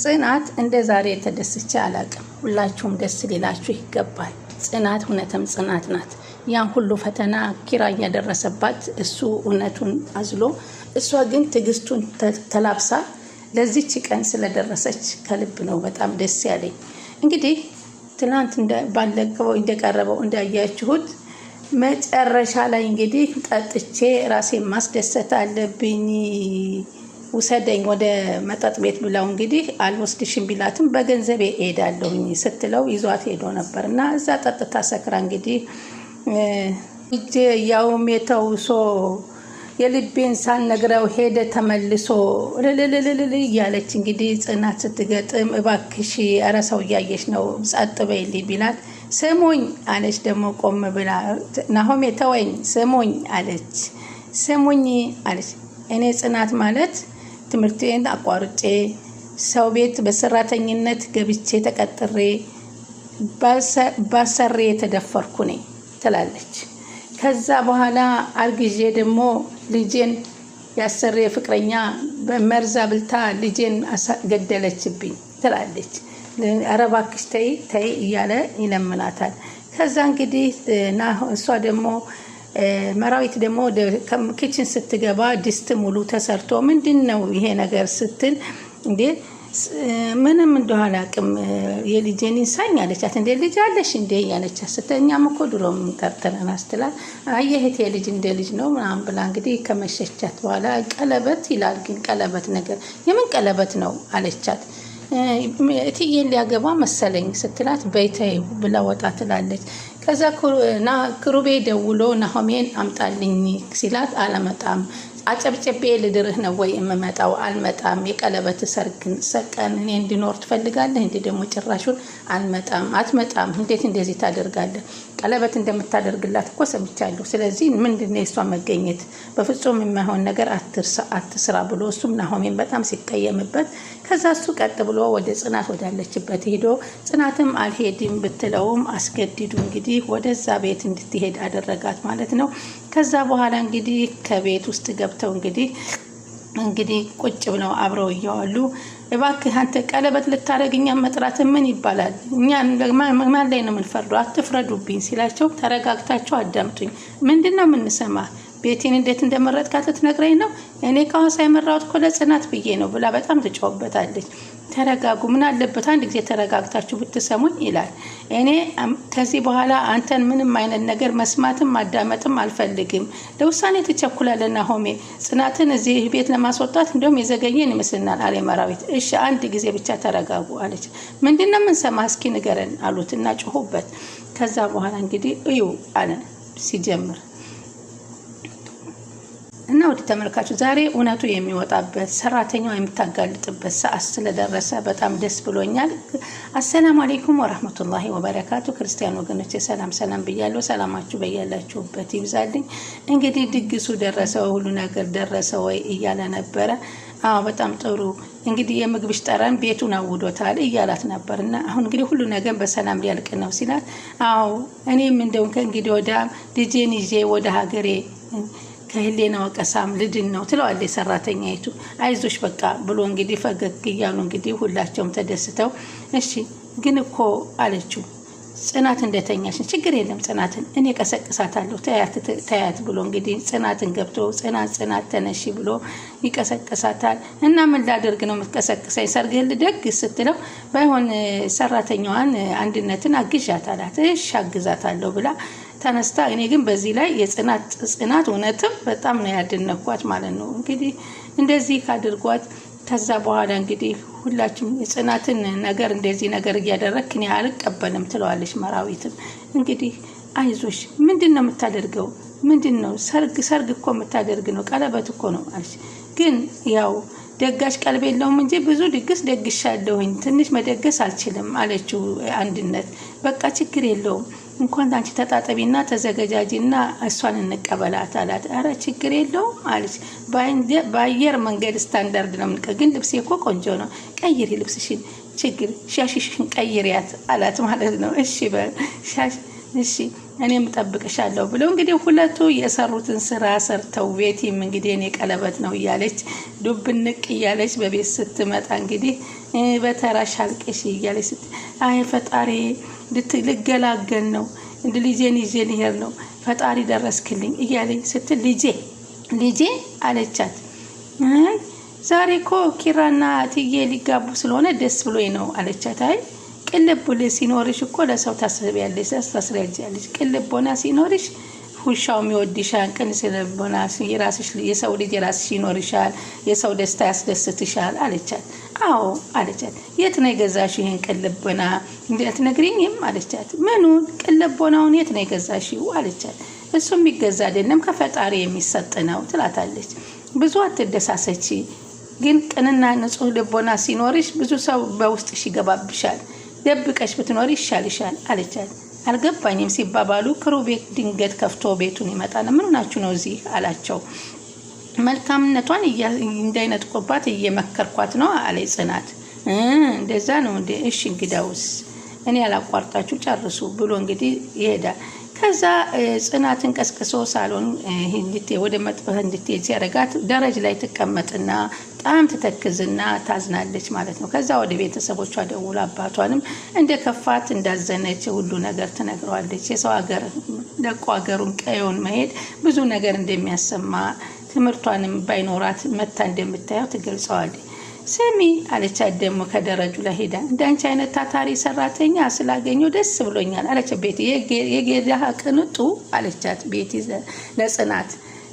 ጽናት እንደ ዛሬ ተደስቼ አላቅም። ሁላችሁም ደስ ሊላችሁ ይገባል። ጽናት እውነትም ጽናት ናት። ያን ሁሉ ፈተና ኪራ እያደረሰባት እሱ እውነቱን አዝሎ፣ እሷ ግን ትዕግስቱን ተላብሳ ለዚች ቀን ስለደረሰች ከልብ ነው በጣም ደስ ያለኝ። እንግዲህ ትናንት ባለቀበው እንደቀረበው እንዳያችሁት መጨረሻ ላይ እንግዲህ ጠጥቼ ራሴን ማስደሰት አለብኝ ውሰደኝ ወደ መጠጥ ቤት ብለው እንግዲህ አልወስድሽም ቢላትም በገንዘቤ እሄዳለሁኝ ስትለው ይዟት ሄዶ ነበር እና እዛ ጠጥታ ሰክራ እንግዲህ እጅ ያውም የተውሶ የልቤን ሳልነግረው ሄደ ተመልሶ ልልልልል እያለች እንግዲህ ጽናት ስትገጥም እባክሽ ኧረ ሰው እያየሽ ነው ጸጥ በይልኝ ቢላት ስሙኝ አለች። ደግሞ ቆም ብላ ናሆሜ ተወኝ ስሙኝ አለች። ስሙኝ አለች። እኔ ጽናት ማለት ትምህርቴን አቋርጬ ሰው ቤት በሰራተኝነት ገብቼ ተቀጥሬ ባሰሬ የተደፈርኩ ነኝ ትላለች። ከዛ በኋላ አርግዤ ደግሞ ልጄን ያሰሬ ፍቅረኛ በመርዛ ብልታ ልጄን ገደለችብኝ ትላለች። ኧረ እባክሽ ተይ ተይ እያለ ይለምናታል። ከዛ እንግዲህ እሷ ደግሞ መራዊት ደግሞ ወደ ኪችን ስትገባ ድስት ሙሉ ተሰርቶ ምንድን ነው ይሄ ነገር ስትል እንዴ ምንም እንደሆነ አቅም የልጄን ይንሳኝ አለቻት። እንደ ልጅ አለሽ እንደ ያለቻት ስተኛም እኮ ድሮም ጠርተናል አስትላት አየህት የልጅ እንደ ልጅ ነው ምናምን ብላ እንግዲህ ከመሸቻት በኋላ ቀለበት ይላል ግን ቀለበት ነገር የምን ቀለበት ነው አለቻት። እትዬን ሊያገባ መሰለኝ ስትላት በይተይው ብላ ወጣ ትላለች። ከዛ ክሩቤ ደውሎ ናሆሜን አምጣልኝ ሲላት አለመጣም አጨብጨቤ ልድርህ ነው ወይ የምመጣው? አልመጣም። የቀለበት ሰቀን እኔ እንዲኖር ትፈልጋለህ? እንዲህ ደግሞ ጭራሹን አልመጣም፣ አትመጣም። እንዴት እንደዚህ ታደርጋለህ? ቀለበት እንደምታደርግላት እኮ ሰምቻለሁ። ስለዚህ ምንድን የእሷ መገኘት በፍጹም የማይሆን ነገር አትስራ ብሎ እሱም ናሆሜን በጣም ሲቀየምበት፣ ከዛ እሱ ቀጥ ብሎ ወደ ጽናት ወዳለችበት ሄዶ ጽናትም አልሄድም ብትለውም አስገድዱ እንግዲህ ወደዛ ቤት እንድትሄድ አደረጋት ማለት ነው። ከዛ በኋላ እንግዲህ ከቤት ውስጥ ገብተው እንግዲህ እንግዲህ ቁጭ ብለው አብረው እያዋሉ እባክህ አንተ ቀለበት ልታደረግ እኛን መጥራት ምን ይባላል? እኛ ማን ላይ ነው የምንፈርደው? አትፍረዱብኝ ሲላቸው ተረጋግታቸው አዳምጡኝ፣ ምንድን ነው የምንሰማ ቤቴን እንዴት እንደመረጥካት ልትነግረኝ ነው? እኔ ከሐዋሳ የመራሁት እኮ ለጽናት ብዬ ነው ብላ በጣም ትጫወበታለች። ተረጋጉ፣ ምን አለበት አንድ ጊዜ ተረጋግታችሁ ብትሰሙኝ ይላል። እኔ ከዚህ በኋላ አንተን ምንም አይነት ነገር መስማትም ማዳመጥም አልፈልግም። ለውሳኔ ትቸኩላለና ሆሜ ጽናትን እዚህ ቤት ለማስወጣት እንዲሁም የዘገየን ይመስልናል አለ መራዊት። እሺ አንድ ጊዜ ብቻ ተረጋጉ አለች። ምንድነው ምንሰማ እስኪ ንገረን አሉት እና ጮሁበት። ከዛ በኋላ እንግዲህ እዩ አለ ሲጀምር እና ወደ ተመልካቹ ዛሬ እውነቱ የሚወጣበት ሰራተኛው የምታጋልጥበት ሰዓት ስለደረሰ በጣም ደስ ብሎኛል። አሰላሙ አሌይኩም ወረህመቱላሂ ወበረካቱ። ክርስቲያን ወገኖች ሰላም ሰላም ብያለሁ። ሰላማችሁ በያላችሁበት ይብዛልኝ። እንግዲህ ድግሱ ደረሰ ሁሉ ነገር ደረሰ ወይ እያለ ነበረ። አዎ በጣም ጥሩ እንግዲህ የምግብሽ ጠረን ቤቱን አውዶታል እያላት ነበር። እና አሁን እንግዲህ ሁሉ ነገር በሰላም ሊያልቅ ነው ሲላት፣ አዎ እኔም እንደውን ከእንግዲህ ወዳ ልጄን ይዤ ወደ ሀገሬ ከህሌና ወቀሳም ልድን ነው ትለዋለች ሰራተኛይቱ። አይዞሽ በቃ ብሎ እንግዲህ ፈገግ እያሉ እንግዲህ ሁላቸውም ተደስተው እሺ ግን እኮ አለችው ጽናት እንደተኛችን ችግር የለም ጽናትን እኔ ቀሰቅሳታለሁ ተያት ብሎ እንግዲህ ጽናትን ገብቶ ጽናት ጽናት ተነሺ ብሎ ይቀሰቅሳታል። እና ምን ላደርግ ነው የምትቀሰቅሰኝ ሰርግህን ልደግስ ስትለው ባይሆን ሰራተኛዋን አንድነትን አግዣት አላት። እሺ አግዛታለሁ ብላ ተነስታ እኔ ግን በዚህ ላይ የጽናት ጽናት እውነትም በጣም ነው ያደነኳት ማለት ነው። እንግዲህ እንደዚህ ካድርጓት ከዛ በኋላ እንግዲህ ሁላችሁም የጽናትን ነገር እንደዚህ ነገር እያደረግክ እኔ አልቀበልም ትለዋለች። መራዊትም እንግዲህ አይዞሽ፣ ምንድን ነው የምታደርገው? ምንድን ነው ሰርግ ሰርግ እኮ የምታደርግ ነው ቀለበት እኮ ነው አለች። ግን ያው ደጋሽ ቀልብ የለውም እንጂ ብዙ ድግስ ደግሻለሁኝ፣ ትንሽ መደገስ አልችልም አለችው አንድነት። በቃ ችግር የለውም እንኳን አንቺ ተጣጠቢና ተዘገጃጂና እሷን እንቀበላት አላት። አረ ችግር የለውም አለች። በአየር መንገድ ስታንዳርድ ነው ምንቀ፣ ግን ልብሴ እኮ ቆንጆ ነው፣ ቀይሪ ልብስሽን፣ ችግር ሻሽሽን ቀይሪያት አላት ማለት ነው። እሺ እሺ እኔም ጠብቅሻለሁ ብሎ እንግዲህ ሁለቱ የሰሩትን ስራ ሰርተው ቤቲም እንግዲህ እኔ ቀለበት ነው እያለች ዱብንቅ እያለች በቤት ስትመጣ እንግዲህ በተራሽ አልቅሽ እያለች ስት አይ ፈጣሪ ልገላገል ነው ልጄን ይዤ ልሄድ ነው ፈጣሪ ደረስክልኝ እያለኝ ስትል ልጄ ልጄ አለቻት። ዛሬ እኮ ኪራና ትዬ ሊጋቡ ስለሆነ ደስ ብሎኝ ነው አለቻት። አይ ቅልቡል ሲኖርሽ እኮ ለሰው ታስቢያለሽ፣ ታስረጃለሽ። ቅልቦና ሲኖርሽ ውሻውም ይወድሻል። ቅን ስልቦና የሰው ልጅ የራስሽ ይኖርሻል፣ የሰው ደስታ ያስደስትሻል አለቻት። አዎ አለቻት። የት ነው የገዛሽ ይህን ቅልቦና ትነግሪኝም? አለቻት። ምኑን ቅልቦናውን የት ነው የገዛሽ? አለቻት። እሱ የሚገዛ አይደለም ከፈጣሪ የሚሰጥ ነው ትላታለች። ብዙ አትደሳሰች፣ ግን ቅንና ንጹህ ልቦና ሲኖርሽ ብዙ ሰው በውስጥሽ ይገባብሻል። ደብቀሽ ብትኖር ይሻልሻል አለቻት። አልገባኝም ሲባባሉ ክሩቤል ድንገት ከፍቶ ቤቱን ይመጣል። ምን ሆናችሁ ነው እዚህ አላቸው። መልካምነቷን እንዳይነጥቁባት እየመከርኳት ነው አለ ጽናት። እንደዛ ነው እንዴ? እሺ እንግዳውስ እኔ ያላቋርጣችሁ ጨርሱ ብሎ እንግዲህ ይሄዳል። ከዛ ጽናትን ቀስቅሶ ሳሎን ወደ መጥበህ እንድትሄድ ሲያደርጋት ደረጅ ላይ ትቀመጥና በጣም ትተክዝና ታዝናለች ማለት ነው። ከዛ ወደ ቤተሰቦቿ ደውላ አባቷንም እንደ ከፋት እንዳዘነች ሁሉ ነገር ትነግረዋለች። የሰው ሀገር ለቆ ሀገሩን ቀየውን መሄድ ብዙ ነገር እንደሚያሰማ ትምህርቷንም ባይኖራት መታ እንደምታየው ትገልጸዋለች። ስሚ አለቻት። ደግሞ ከደረጁ ላይ ሄዳ እንዳንቺ አይነት ታታሪ ሰራተኛ ስላገኘሁ ደስ ብሎኛል አለቻት። ቤቲ የጌዳ ቅንጡ አለቻት። ቤቲ ለጽናት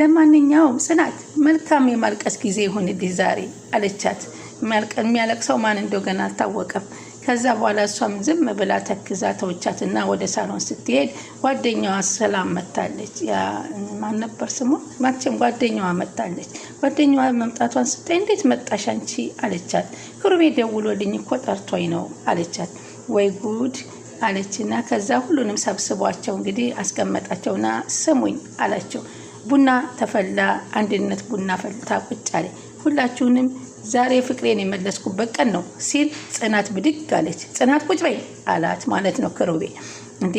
ለማንኛውም ጽናት መልካም የማልቀስ ጊዜ ይሁንልህ ዛሬ አለቻት። የሚያለቅሰው ማን እንደገና አልታወቀም። ከዛ በኋላ እሷም ዝም ብላ ተክዛ ተውቻትና ወደ ሳሎን ስትሄድ ጓደኛዋ ሰላም መታለች። ማን ነበር ስሙ? ማቸም ጓደኛዋ መታለች። ጓደኛዋ መምጣቷን ስታይ እንዴት መጣሽ አንቺ አለቻት። ክሩቤ ደውሎልኝ እኮ ጠርቶኝ ነው አለቻት። ወይ ጉድ አለችና ከዛ ሁሉንም ሰብስቧቸው እንግዲህ አስቀመጣቸውና ስሙኝ አላቸው። ቡና ተፈላ። አንድነት ቡና ፈልታ ቁጭ አለ። ሁላችሁንም ዛሬ ፍቅሬን የመለስኩበት ቀን ነው ሲል ጽናት ብድግ አለች። ጽናት ቁጭ በይ አላት ማለት ነው ክሩቤ። እንዴ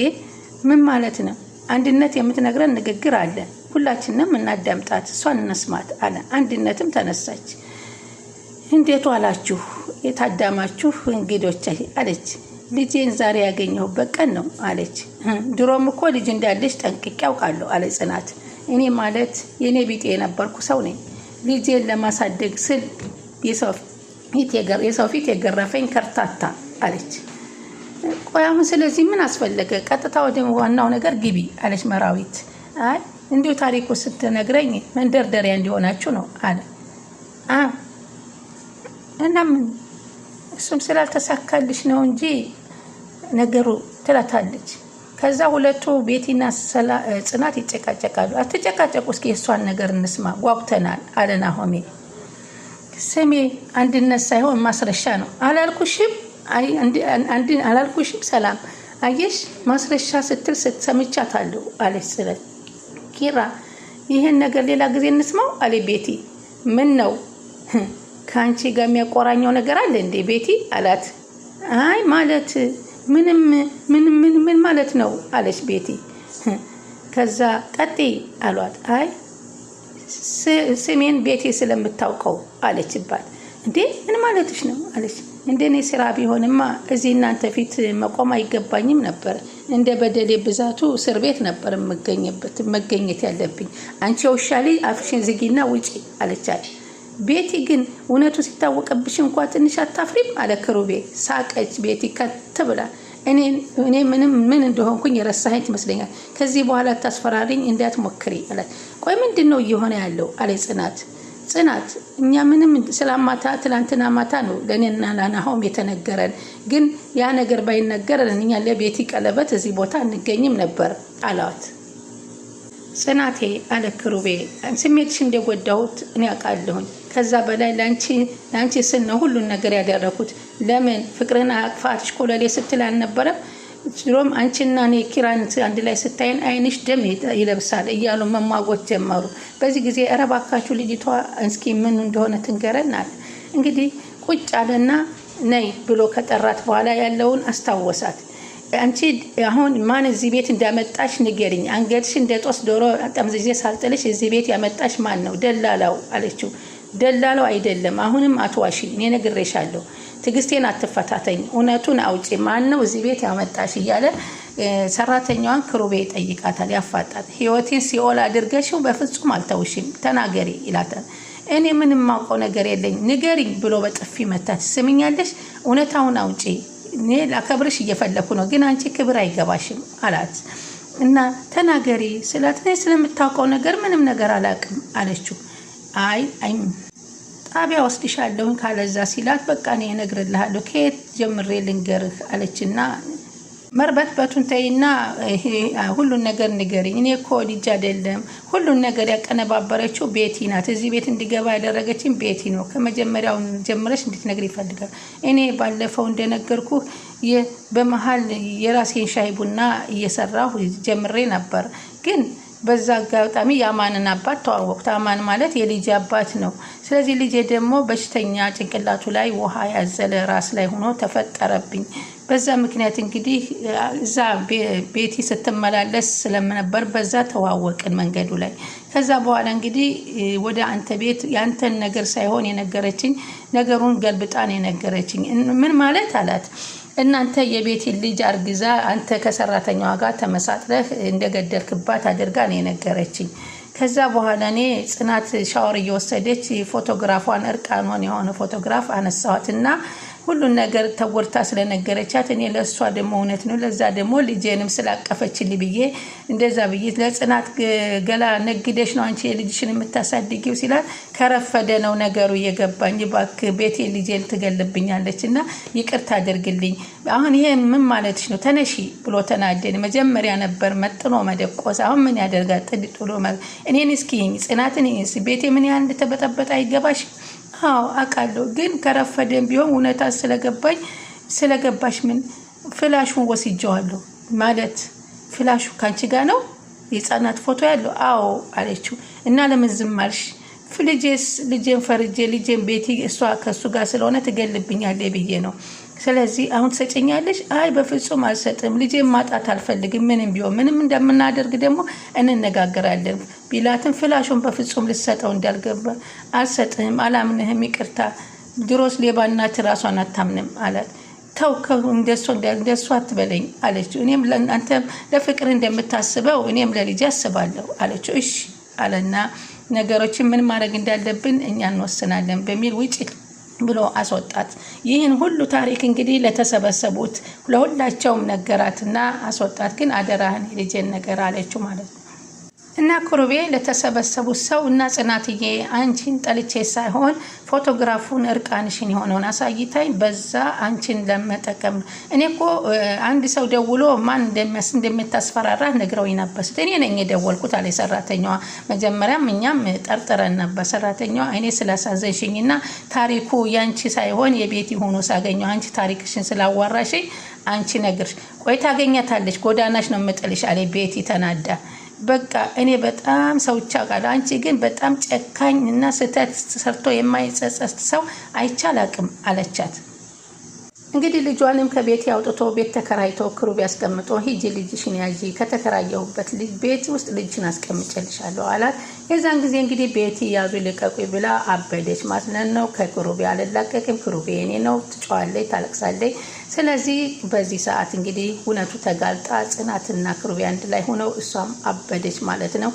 ምን ማለት ነው? አንድነት የምትነግረን ንግግር አለ፣ ሁላችንም እናዳምጣት፣ እሷን እንስማት አለ። አንድነትም ተነሳች። እንዴት ዋላችሁ የታዳማችሁ እንግዶች አለች። ልጄን ዛሬ ያገኘሁበት ቀን ነው አለች። ድሮም እኮ ልጅ እንዳለች ጠንቅቄ ያውቃለሁ አለ ጽናት። እኔ ማለት የእኔ ቢጤ የነበርኩ ሰው ነኝ ልጄን ለማሳደግ ስል የሰው ፊት የገረፈኝ ከርታታ አለች። ቆይ አሁን ስለዚህ ምን አስፈለገ? ቀጥታ ወደ ዋናው ነገር ግቢ አለች መራዊት። አይ እንዲሁ ታሪኩ ስትነግረኝ መንደርደሪያ እንዲሆናችሁ ነው አለ። እና ምን እሱም ስላልተሳካልሽ ነው እንጂ ነገሩ ትላታለች። ከዛ ሁለቱ ቤቲና ጽናት ይጨቃጨቃሉ። አትጨቃጨቁ፣ እስኪ የእሷን ነገር እንስማ ጓጉተናል አለ ናሆሜ። ስሜ አንድነት ሳይሆን ማስረሻ ነው። አላልኩሽም አላልኩሽም ሰላም አየሽ ማስረሻ ስትል ሰምቻታለሁ አለች። ስለ ኪራ ይህን ነገር ሌላ ጊዜ እንስማው አለ ቤቲ። ምን ነው ከአንቺ ጋር የሚያቆራኘው ነገር አለ እንዴ ቤቲ አላት። አይ ማለት ምንም ምን ማለት ነው አለች ቤቲ። ከዛ ቀጤ አሏት። አይ ስሜን ቤቴ ስለምታውቀው አለችባት። እንዴ ምን ማለትሽ ነው አለች። እንደ እኔ ስራ ቢሆንማ እዚህ እናንተ ፊት መቆም አይገባኝም ነበር። እንደ በደሌ ብዛቱ እስር ቤት ነበር የምገኝበት መገኘት ያለብኝ። አንቺ ውሻ ልጅ አፍሽን ዝጊና ውጪ አለቻት። ቤቲ ግን እውነቱ ሲታወቅብሽ እንኳ ትንሽ አታፍሪም? አለ ክሩቤ። ሳቀች ቤቲ ከት ብላ። እኔ ምንም ምን እንደሆንኩኝ የረሳኸኝ ትመስለኛል። ከዚህ በኋላ ታስፈራሪኝ እንዳትሞክሪ አላት። ቆይ ምንድን ነው እየሆነ ያለው አለ ጽናት። ጽናት እኛ ምንም ስላማታ ትላንትና ማታ ነው ለእኔና ለናሆም የተነገረን። ግን ያ ነገር ባይነገረን እኛ ለቤቲ ቀለበት እዚህ ቦታ እንገኝም ነበር አላት። ጽናቴ አለክሩቤ ስሜትሽ እንደጎዳሁት እኔ አውቃለሁኝ ከዛ በላይ ለአንቺ ስል ነው ሁሉን ነገር ያደረኩት። ለምን ፍቅርን አቅፋ ኮለሌ ስትል አልነበረም? ድሮም አንቺና እኔ ኪራን አንድ ላይ ስታይን አይንሽ ደም ይለብሳል እያሉ መሟጎት ጀመሩ። በዚህ ጊዜ ረባካችሁ ልጅቷ እስኪ ምን እንደሆነ አለ። እንግዲህ ቁጭ አለና ነይ ብሎ ከጠራት በኋላ ያለውን አስታወሳት። አንቺ አሁን ማን እዚህ ቤት እንዳመጣሽ ንገርኝ። አንገድሽ እንደ ጦስ ዶሮ ጠምዝዜ ሳልጥልሽ እዚህ ቤት ያመጣሽ ማን ነው? ደላላው አለችው። ደላለው አይደለም። አሁንም አትዋሽ እኔ ነግሬሻለሁ። ትግስቴን አትፈታተኝ፣ እውነቱን አውጪ። ማን ነው እዚህ ቤት ያመጣሽ? እያለ ሰራተኛዋን ክሩቤ ይጠይቃታል፣ ያፋጣል። ህይወቴን ሲኦል አድርገሽው በፍጹም አልተውሽም፣ ተናገሪ ይላታል። እኔ ምንም ማውቀው ነገር የለኝ፣ ንገሪኝ ብሎ በጥፊ መታት። ስምኛለሽ፣ እውነታውን አውጪ። እኔ ላከብርሽ እየፈለኩ ነው፣ ግን አንቺ ክብር አይገባሽም አላት። እና ተናገሪ ስላት ስለምታውቀው ነገር ምንም ነገር አላውቅም አለችው። አይ አይም ጣቢያ ወስድሻለሁኝ ካለዛ ሲላት በቃ እኔ እነግርልሃለሁ ከየት ጀምሬ ልንገርህ አለችና መርበትበቱን ተይና ሁሉን ነገር ንገሪኝ። እኔ እኮ ልጅ አይደለም። ሁሉን ነገር ያቀነባበረችው ቤቲ ናት። እዚህ ቤት እንዲገባ ያደረገችን ቤቲ ነው። ከመጀመሪያው ጀምረሽ እንድትነግር ይፈልጋል። እኔ ባለፈው እንደነገርኩ በመሀል የራሴን ሻይ ቡና እየሰራሁ ጀምሬ ነበር ግን በዛ አጋጣሚ የአማንን አባት ተዋወቁት አማን ማለት የልጅ አባት ነው። ስለዚህ ልጄ ደግሞ በሽተኛ ጭንቅላቱ ላይ ውሃ ያዘለ ራስ ላይ ሆኖ ተፈጠረብኝ። በዛ ምክንያት እንግዲህ እዛ ቤቲ ስትመላለስ ስለምነበር በዛ ተዋወቅን መንገዱ ላይ። ከዛ በኋላ እንግዲህ ወደ አንተ ቤት የአንተን ነገር ሳይሆን የነገረችኝ ነገሩን ገልብጣን የነገረችኝ ምን ማለት አላት እናንተ የቤቴን ልጅ አርግዛ አንተ ከሰራተኛዋ ጋር ተመሳጥረህ እንደገደልክባት አድርጋ ነው የነገረችኝ። ከዛ በኋላ እኔ ጽናት ሻወር እየወሰደች ፎቶግራፏን እርቃኗን የሆነ ፎቶግራፍ አነሳኋት እና ሁሉን ነገር ተጎድታ ስለነገረቻት እኔ ለእሷ ደግሞ እውነት ነው ለዛ ደግሞ ልጄንም ስላቀፈችል ብዬ እንደዛ ብዬ ለጽናት ገላ ነግደሽ ነው አንቺ የልጅሽን የምታሳድጊው ሲላል ከረፈደ ነው ነገሩ እየገባኝ እባክህ ቤቴ ልጄን ትገልብኛለች እና ይቅርታ አድርግልኝ አሁን ይሄ ምን ማለትሽ ነው ተነሺ ብሎ ተናደን መጀመሪያ ነበር መጥኖ መደቆስ አሁን ምን ያደርጋል ጥድ ጥሎ እኔን እስኪ ጽናትን ቤቴ ምን ያህል እንደተበጠበጠ አይገባሽም? አዎ አውቃለሁ፣ ግን ከረፈደን ቢሆን እውነታ ስለገባኝ ስለገባሽ ምን ፍላሹን ወስጀዋለሁ ማለት ፍላሹ ካንቺ ጋር ነው የህፃናት ፎቶ ያለው አዎ አለችው። እና ለምን ዝም አልሽ? ልጄን ፈርጄ ልጄን ቤቲ እሷ ከእሱ ጋር ስለሆነ ትገልብኛለች ብዬ ነው ስለዚህ አሁን ትሰጨኛለሽ? አይ በፍጹም አልሰጥም፣ ልጄ ማጣት አልፈልግም። ምንም ቢሆን ምንም እንደምናደርግ ደግሞ እንነጋገራለን ቢላትም ፍላሹን በፍጹም ልሰጠው እንዳልገባ አልሰጥህም፣ አላምንህም፣ ይቅርታ ድሮስ ሌባ እናት ራሷን አታምንም አላት። ተው እንደሱ እንደሱ አትበለኝ አለችው። እኔም ለእናንተ ለፍቅር እንደምታስበው እኔም ለልጅ አስባለሁ አለችው። እሺ አለና ነገሮችን ምን ማድረግ እንዳለብን እኛ እንወስናለን በሚል ውጭ ብሎ አስወጣት። ይህን ሁሉ ታሪክ እንግዲህ ለተሰበሰቡት ለሁላቸውም ነገራትና አስወጣት። ግን አደራህን የልጄን ነገር አለችው ማለት ነው። እና ኩሩቤ ለተሰበሰቡት ሰው እና ጽናትዬ አንቺን ጠልቼ ሳይሆን ፎቶግራፉን እርቃንሽን የሆነውን አሳይታኝ በዛ አንቺን ለመጠቀም እኔ እኮ አንድ ሰው ደውሎ ማን እንደሚያስ እንደምታስፈራራ ነግረውኝ ነበር። እኔ ነኝ የደወልኩት አለ ሰራተኛዋ። መጀመሪያም እኛም ጠርጥረን ነበር። ሰራተኛዋ እኔ ስላሳዘንሽኝ እና ታሪኩ ያንቺ ሳይሆን የቤት ሆኖ ሳገኘ አንቺ ታሪክሽን ስላዋራሽኝ አንቺ ነግርሽ ቆይ ታገኛታለሽ፣ ጎዳናሽ ነው የምጥልሽ አለ ቤቲ ተናዳ በቃ እኔ በጣም ሰውቻ ጋር አንቺ ግን በጣም ጨካኝ እና ስህተት ሰርቶ የማይጸጸት ሰው አይቻላቅም አለቻት። እንግዲህ ልጇንም ከቤት አውጥቶ ቤት ተከራይቶ ክሩብ ያስቀምጦ ሂጂ ልጅሽን ያዢ ከተከራየሁበት ቤት ውስጥ ልጅሽን አስቀምጨልሻለሁ አላት። የዛን ጊዜ እንግዲህ ቤቲ ያዙ ልቀቁ ብላ አበደች ማለት ነው። ከክሩቤ አልላቀቅም፣ ክሩቤ የኔ ነው፣ ትጫዋለች፣ ታለቅሳለች። ስለዚህ በዚህ ሰዓት እንግዲህ እውነቱ ተጋልጣ ጽናትና ክሩቤ አንድ ላይ ሆነው እሷም አበደች ማለት ነው።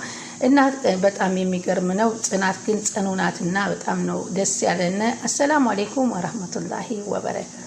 እና በጣም የሚገርም ነው። ጽናት ግን ጽኑ ናትና በጣም ነው ደስ ያለን። አሰላሙ አሌይኩም ወረህመቱላሂ ወበረካቱ